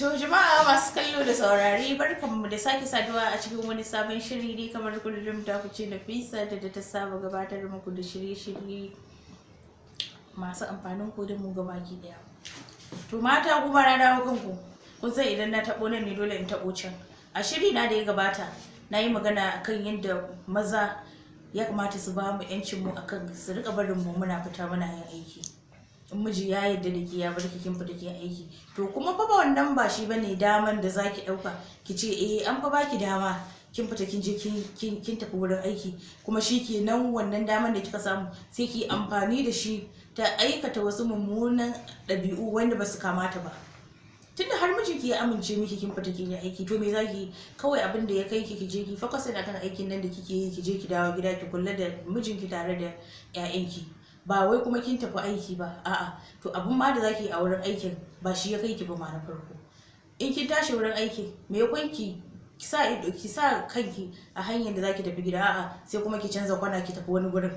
To jama'a masu kallo da saurari barkanmu da sake saduwa a cikin wani sabon shiri ne kamar kullum ta fice fisa da da ta saba gabatar muku da shirye-shirye masu amfanin ku da mu gabaki daya. To mata kuma rana dawo kanku kun san idan na taɓo nan ne dole in taɓo can. A shiri na da ya gabata na yi magana akan yadda maza ya kamata su ba mu 'yancin mu akan su riƙa barin mu muna fita muna yin aiki. miji ya yadda da ke ya bar kin fita ke aiki to kuma fa ba wannan ba shi bane daman da zaki dauka ki ce eh an fa baki dama kin fita kin je kin kin tafi wurin aiki kuma shi ke nan wannan daman da kika samu sai ki amfani da shi ta aikata wasu mummunan ɗabi'u wanda ba su kamata ba tunda har mijinki ya amince miki kin fita kin aiki to me zaki kawai abin da ya kai ki je ki ne akan aikin nan da kike yi ki je ki dawo gida ki kula da mijinki tare da 'ya'yanki ba wai kuma kin tafi aiki ba a'a to abun ma da zaki a wurin aikin ba shi ya kai ki ba ma na farko in kin tashi wurin aiki me yakon ki sa ido ki sa kanki a hanyar da zaki tafi gida a'a sai kuma ki canza kwana ki tafi wani gurin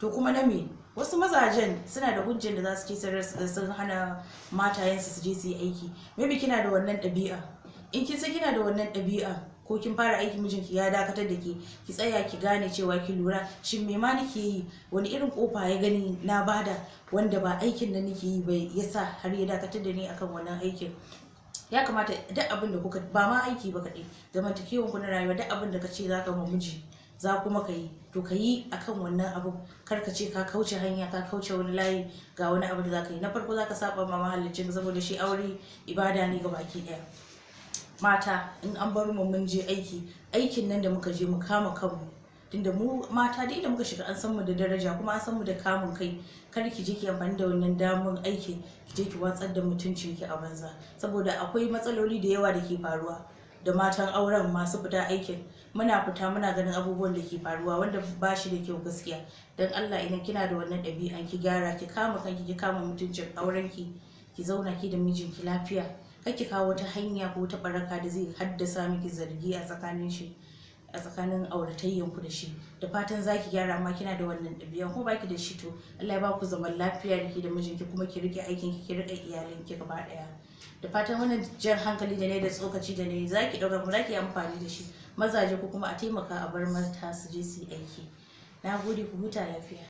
to kuma na me wasu mazajen suna da hujjan da za su ce sun hana matayensu su je su yi aiki maybe kina da wannan ɗabi'a in kin san kina da wannan ɗabi'a ko kin fara aiki mijinki ya dakatar da ke ki tsaya ki gane cewa ki lura shin me ma nake yi wani irin kofa ya gani na bada wanda ba aikin da nake yi ba yasa har ya dakatar da ni akan wannan aikin ya kamata duk abin da kuka ba ma aiki ba kaɗai zamantakewan ku na rayuwa duk abin da ka ce zaka ka ma miji za kuma ka yi to ka yi akan wannan abu kar ka ce ka kauce hanya ka kauce wani layi ga wani abu da zaka yi na farko za ka saba ma mahallicin saboda shi aure ibada ne ga baki ɗaya mata in an bar mu mun je aiki aikin nan da muka je mu kama kanmu tunda mu mata da muka shiga an san mu da daraja kuma an san mu da kamun kai kar ki je ki amfani da wannan damar aikin ki je ki watsar da mutuncin ki a banza saboda akwai matsaloli da yawa da ke faruwa da matan auren masu fita aikin muna fita muna ganin abubuwan da ke faruwa wanda ba shi da kyau gaskiya Dan allah idan kina da wannan ɗabi'an ki gyara ki kama kanki ki kama mutuncin aurenki ki zauna ki da mijinki lafiya kar ki kawo wata hanya ko wata baraka da zai haddasa miki zargi a tsakanin shi a tsakanin auratayyan ku da shi da fatan za ki gyara amma kina da wannan ɗabi'a ko baki da shi to Allah ya ba ku zaman lafiya da ki da mijinki kuma ki rike aikin ki ki rike iyalinki gaba ɗaya da fatan wannan jan hankali da ne da tsokaci da ne zaki ɗaura kuma yi amfani da shi mazaje ku kuma a taimaka a bar mata su je su yi aiki na gode ku huta lafiya